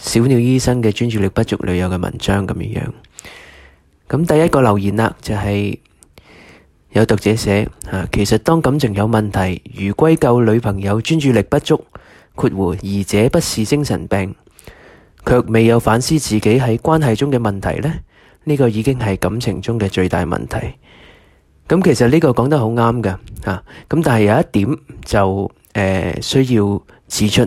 小鳥醫生嘅專注力不足女友嘅文章咁樣樣，咁第一個留言啦，就係有讀者寫吓，其實當感情有問題，如歸咎女朋友專注力不足，括弧而這不是精神病，卻未有反思自己喺關係中嘅問題咧，呢個已經係感情中嘅最大問題。咁其實呢個講得好啱噶吓，咁但係有一點就誒需要指出。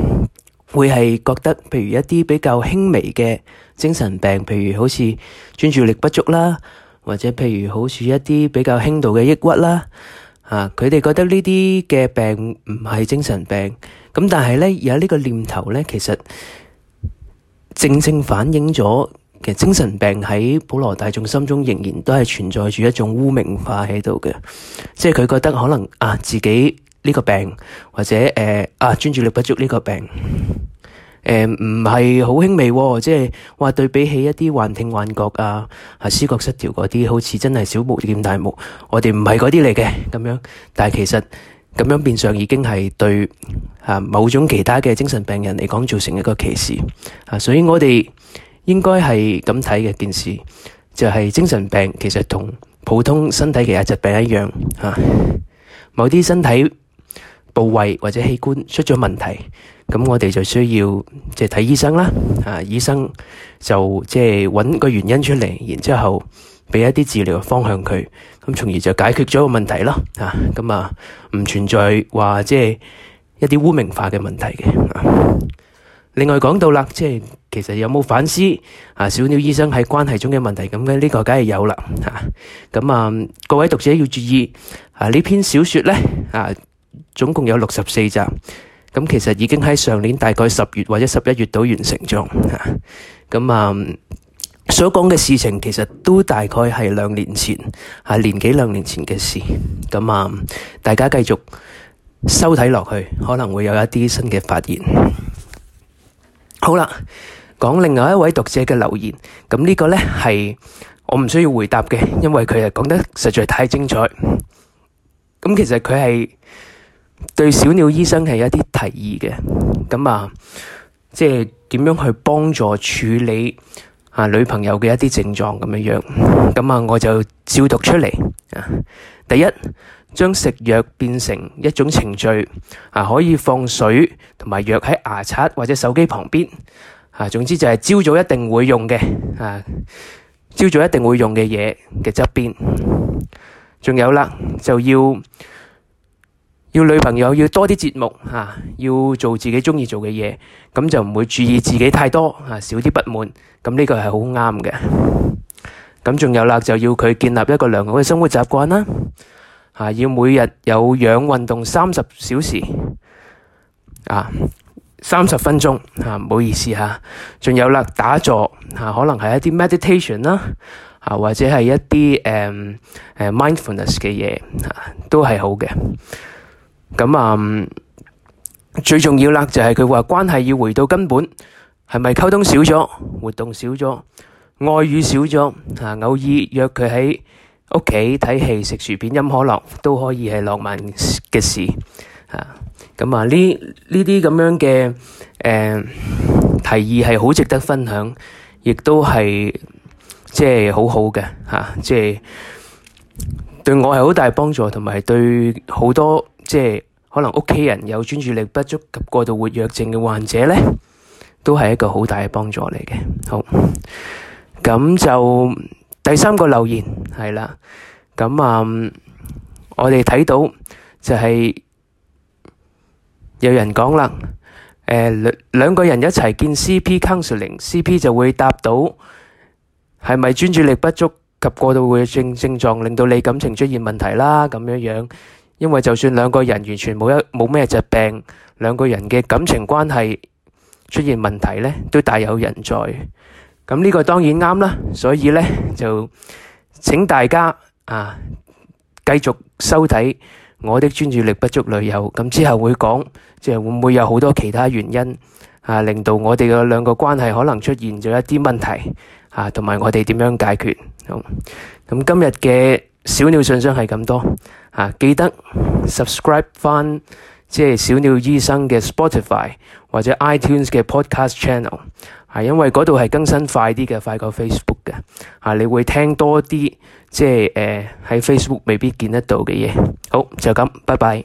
會係覺得，譬如一啲比較輕微嘅精神病，譬如好似專注力不足啦，或者譬如好似一啲比較輕度嘅抑鬱啦，啊，佢哋覺得呢啲嘅病唔係精神病。咁但係咧，有呢個念頭咧，其實正正反映咗其實精神病喺普羅大眾心中仍然都係存在住一種污名化喺度嘅，即係佢覺得可能啊自己呢個病或者誒啊專注力不足呢個病。誒、呃，唔係好輕微，哦，即係話對比起一啲幻聽幻覺，啊、幻覺啊，思覺失調嗰啲，好似真係小巫見大巫，我哋唔係嗰啲嚟嘅咁樣。但係其實咁樣變相已經係對啊某種其他嘅精神病人嚟講造成一個歧視啊，所以我哋應該係咁睇嘅件事，就係、是、精神病其實同普通身體其他疾病一樣吓、啊，某啲身體部位或者器官出咗問題。咁我哋就需要即係睇醫生啦，啊，醫生就即係揾個原因出嚟，然之後俾一啲治療方向佢，咁從而就解決咗個問題咯，啊，咁啊唔存在話即係一啲污名化嘅問題嘅，啊。另外講到啦，即係其實有冇反思啊，小鳥醫生喺關係中嘅問題咁嘅，呢個梗係有啦，吓，啊，咁啊各位讀者要注意啊，呢篇小說咧啊，總共有六十四集。咁其實已經喺上年大概十月或者十一月度完成咗，吓，咁啊所講嘅事情其實都大概係兩年前，係年幾兩年前嘅事，咁啊大家繼續收睇落去，可能會有一啲新嘅發現。好啦，講另外一位讀者嘅留言，咁呢個咧係我唔需要回答嘅，因為佢係講得實在太精彩。咁其實佢係對小鳥醫生係有一啲提議嘅，咁啊，即係點樣去幫助處理啊女朋友嘅一啲症狀咁樣樣，咁啊我就照讀出嚟啊。第一，將食藥變成一種程序啊，可以放水同埋藥喺牙刷或者手機旁邊啊，總之就係朝早一定會用嘅啊，朝早一定會用嘅嘢嘅側邊，仲有啦就要。要女朋友要多啲節目吓，要做自己鍾意做嘅嘢，咁就唔會注意自己太多吓，少啲不滿，咁呢個係好啱嘅。咁仲有啦，就要佢建立一個良好嘅生活習慣啦，吓要每日有氧運動三十小時啊，三十分鐘吓，唔好意思吓。仲有啦，打坐吓，可能係一啲 meditation 啦，吓或者係一啲誒誒 mindfulness 嘅嘢吓，都係好嘅。咁啊，最重要啦，就係佢話關係要回到根本，係咪溝通少咗，活動少咗，愛語少咗啊？偶爾約佢喺屋企睇戲、食薯片、飲可樂，都可以係浪漫嘅事啊！咁啊，呢呢啲咁樣嘅誒提議係好值得分享，亦都係即係好好嘅吓，即係對我係好大幫助，同埋對好多。即係可能屋企人有專注力不足及過度活躍症嘅患者咧，都係一個好大嘅幫助嚟嘅。好，咁就第三個留言係啦。咁啊，我哋睇到就係有人講啦，誒，兩兩個人一齊見 C P counselling，C P 就會答到係咪專注力不足及過度活躍症症狀，令到你感情出現問題啦，咁樣樣。因為就算兩個人完全冇一冇咩疾病，兩個人嘅感情關係出現問題咧，都大有人在。咁呢個當然啱啦，所以咧就請大家啊繼續收睇我的專注力不足女友。咁之後會講，即係會唔會有好多其他原因啊，令到我哋嘅兩個關係可能出現咗一啲問題啊，同埋我哋點樣解決。好，咁今日嘅。小鳥信箱係咁多，吓、啊、記得 subscribe 翻即係小鳥醫生嘅 Spotify 或者 iTunes 嘅 Podcast Channel，啊、因為嗰度係更新快啲嘅，快過 Facebook 嘅、啊，你會聽多啲即係誒喺 Facebook 未必見得到嘅嘢。好就咁，拜拜。